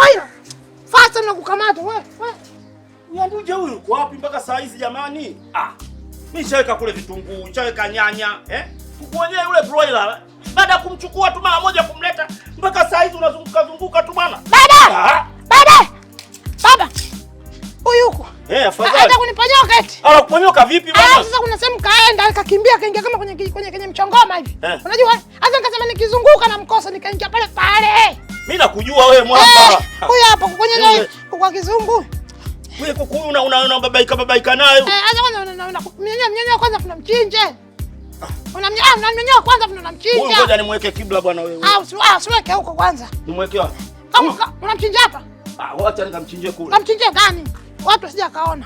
Ndoya. Fasa na kukamata we, we. Uyanduje huyu uko wapi mpaka saa hizi jamani? Ah. Mimi nishaweka kule vitunguu, nishaweka nyanya, eh? Kukuonyea yule broiler. Baada kumchukua tu mara moja kumleta mpaka saa hizi unazunguka zunguka tu bwana. Baba. Baba. Ah. Baba. Huyu uko. Eh, afadhali. Hata kuniponyoka eti. Ala kuponyoka vipi bwana? Ah, sasa kuna sehemu kaenda kakimbia kaingia kama kwenye kwenye kwenye mchongoma hivi. Eh. Unajua? Hata nikasema nikizunguka na mkosa nikaingia pale pale. Mimi nakujua wewe mwamba. Eh, huyu hapa kwenye naye kwa kizungu. Wewe kuku una una babaika babaika nayo. Eh, acha kwanza una una mnyanya mnyanya kwanza kuna mchinje. Una mnyanya una mnyanya kwanza kuna mchinje. Wewe ngoja nimweke kibla bwana wewe. Ah, usi ah usiweke huko kwanza. Nimweke wapi? Kama una mchinje hapa. Ah, wacha nikamchinje kule. Namchinje gani? Watu sija kaona.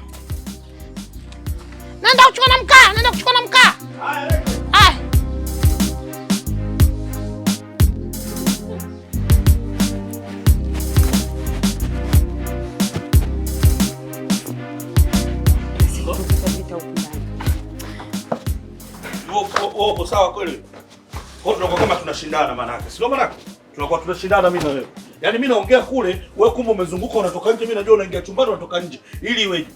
Nenda kuchukua na mkaa, nenda kuchukua na mkaa. Haya, tuko sawa kweli? Kwa hiyo tunakuwa kama tunashindana maana yake. Sio maana yake? Tunakuwa tunashindana mimi na wewe. Yaani mimi naongea kule, wewe kumbe umezunguka unatoka nje, mimi najua unaingia chumbani unatoka nje. Ili iweje?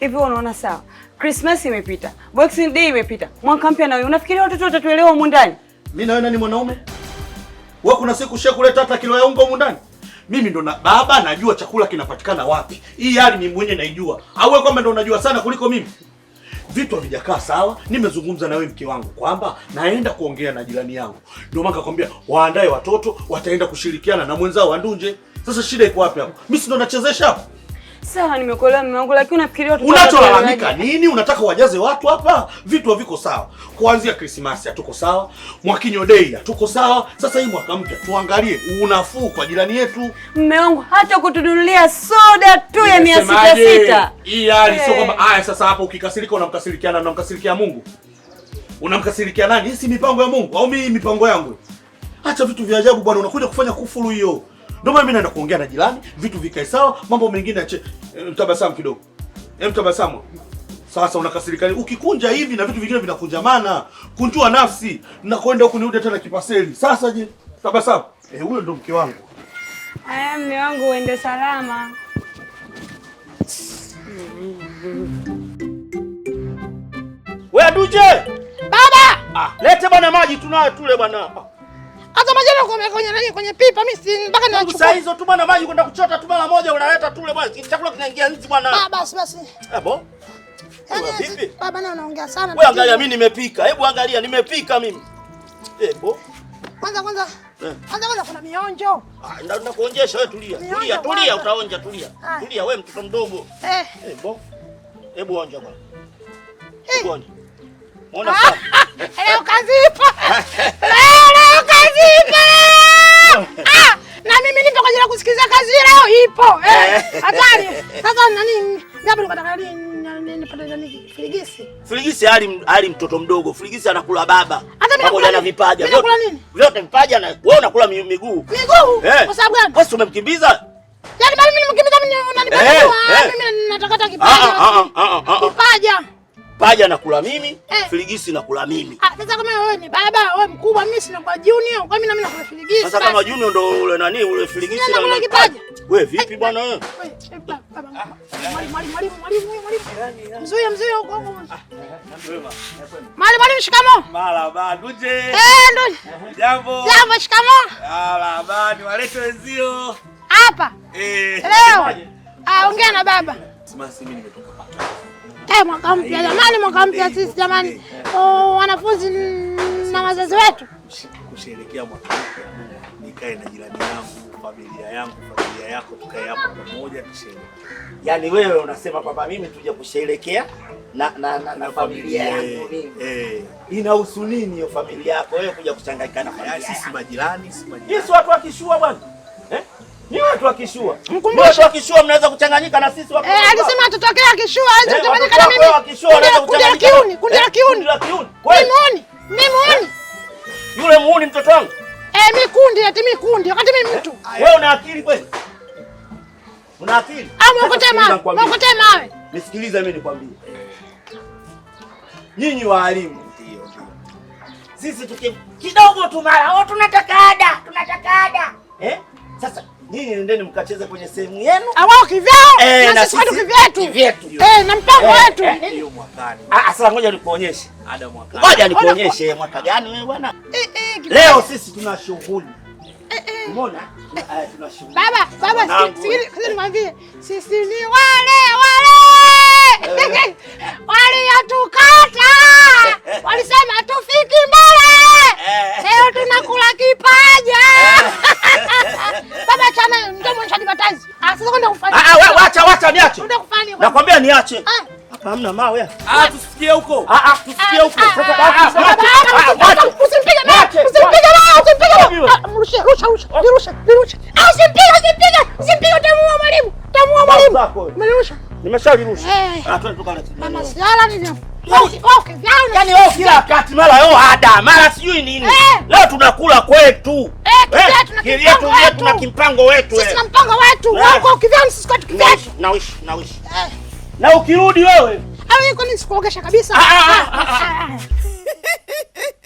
Hivi unaona sawa? Christmas imepita. Boxing Day imepita. Mwaka mpya na wewe. Unafikiria watoto watatuelewa huko ndani? Mimi na wewe nani mwanaume? Wewe kuna siku shia kuleta hata kilo ya unga huko ndani? Mimi ndo na baba najua chakula kinapatikana wapi. Hii hali mimi mwenyewe naijua. Au wewe kwamba ndo unajua sana kuliko mimi? vitu havijakaa sawa. Nimezungumza na wewe mke wangu kwamba naenda kuongea na jirani yangu, ndio maana kakwambia waandae watoto wataenda kushirikiana na mwenzao wa Ndunje. Sasa shida iko wapi hapo? Mimi si ndo nachezesha hapo? Sawa, nimekuelewa mume wangu, lakini unafikiria watu unacholalamika nini? Unataka wajaze watu hapa? Vitu haviko sawa. Kuanzia Krismasi hatuko sawa, Mwakinyo Day hatuko sawa. Sasa hii mwaka mpya tuangalie unafuu kwa jirani yetu. Mume wangu hata kutununulia soda tu ya mia sita sita. Hii hali sio eh. kwamba haya sasa hapo ukikasirika unamkasirikiana unamkasirikia Mungu. Unamkasirikia nani? Hii si mipango ya Mungu au mimi mipango yangu? Acha vitu vya ajabu bwana, unakuja kufanya kufuru hiyo. Ndio maana mimi naenda kuongea na jirani, vitu vikae sawa, mambo mengine ache. Eh, mtabasamu kidogo. Hem, eh, mtabasamu. Sasa unakasirika nini? Ukikunja hivi na vitu vingine vinakunja Kunjua nafsi na kwenda huko niude tena kipaseli. Sasa je, tabasamu. Eh, huyo ndo mke wangu. Eh, mke wangu uende salama. Wewe Duje! Baba! Ah, lete bwana maji tunayo tule bwana hapa. Hata maji kwenye kwenye kwenye pipa mimi si mpaka na chukua. Sasa hizo tu bwana maji kwenda kuchota tu mara moja unaleta tu ile bwana. Chakula kinaingia nzi bwana. Ah basi basi. Eh bo. Yaani vipi? Baba na unaongea sana. Wewe angalia mimi nimepika. Hebu angalia nimepika mimi. Eh bo. Kwanza kwanza. Eh. Kwanza kwanza kuna mionjo. Ah ndio nakuonjesha wewe tulia. Tulia tulia utaonja tulia. Ah. Tulia wewe mtoto mdogo. Eh. Eh bo. Hebu onja bwana. Eh. Hebu onja. Muona ah. sawa. Leo kazipa. Eh, leo Firigisi. Firigisi hali hali mtoto mdogo. Firigisi anakula baba. Pamoja na vipaja. Vyote nini? Vyote vipaja na wewe unakula miguu. Miguu? Eh. Kwa sababu gani? Wewe umemkimbiza? Yaani bali mimi nimkimbiza mimi eh, unanibana. Eh. Mimi nataka kipaja. Ah, ah, ah, kipaja. Paja nakula mimi eh. Firigisi nakula mimi. Ah, sasa kama wewe ni baba, wewe mkubwa, mimi sina kwa junior, kwa mimi na mimi nakula filigisi. Sasa kama junior ndo ule nani ule filigisi na ule kipaja. Ah, wewe vipi eh, bwana wewe? Mzuri mzuri mwalimu. huko huko. Ah, Mali mwalimu, shikamo. ba nduje. Eh, nduje. Jambo. Jambo, shikamo. ba ni walete wenzio. Hapa. Eh. Leo. Ah, ongea na baba. Simasi mimi nimetoka hapa. Eh, mwaka mpya jamani, mwaka mpya sisi jamani, oh, wanafunzi na wazazi wetu kusherekea mwaka mpya. Nikae na jirani yangu, familia yangu, familia yako, tukae hapo pamoja tusherekee. Yaani wewe unasema kwamba mimi tuje kusherekea na na na, na familia yangu mimi. Eh. Inahusu nini hiyo familia yako wewe kuja kuchanganyikana na familia? Sisi majirani, sisi majirani. Sisi watu wa kishua bwana. Eh? Ni watu wa kishua. Ni watu wa kishua mnaweza kuchanganyika na sisi wapi? Eh, eh, alisema tutokea kishua, anza kuchanganyika na mimi. Wa kishua anaweza kuchanganyika. Kiuni, kundi eh, la kiuni. Kweli muuni? Mimi muuni. Eh, yule muuni mtoto wangu. Eh, mimi kundi, ati mimi kundi, wakati mimi mtu. Wewe una akili kweli? Una akili? Ah, mwokote mawe. Mwokote mawe. Nisikilize mimi nikwambie. Nyinyi waalimu sisi tuki kidogo tu mara oh, tunataka ada, tunataka ada. Eh? Sasa Nyinyi nendeni mkacheze kwenye sehemu yenu. Awao ah, kivyao eh, na sisi kivyetu. Kivyetu. Eh, na mpango eh, wetu. Eh, Hiyo mwakani. Ah, ah, sasa ngoja nikuonyeshe. Ada mwakani. Ngoja nikuonyeshe mwaka gani wewe bwana? Eh, eh. Leo sisi tuna shughuli. Eh, eh. Umeona? Ah, tuna shughuli. Baba, baba, sikiliza nimwambie. Sisi ni wale wale. Eh. Wale yatukata. Nimekwambia niache. Hapa hamna mawe. Ah, tusifikie huko. Ah ah, tusifikie ah, huko. Sasa basi. Usimpige mawe. Usimpige mawe. Usimpige mawe. Ah, mrushe, rusha, rusha. Nirusha, nirusha. Ah, usimpige, usimpige. Usimpige utamuua mwalimu. Utamuua mwalimu. Nirusha. Nimesharusha. Eh. Ah, twende tukale. Mama siala nini? Yaani wewe kila wakati mara yo ada, mara sijui nini. Eh. Leo tunakula kwetu. Eh, tuna kimpango wetu. Sisi na mpango wetu. Wako kivyangu sisi kwetu kivyangu. Nawishi, nawishi na ukirudi wewe. Kwani sikuogesha kabisa? Ah, ah, ah,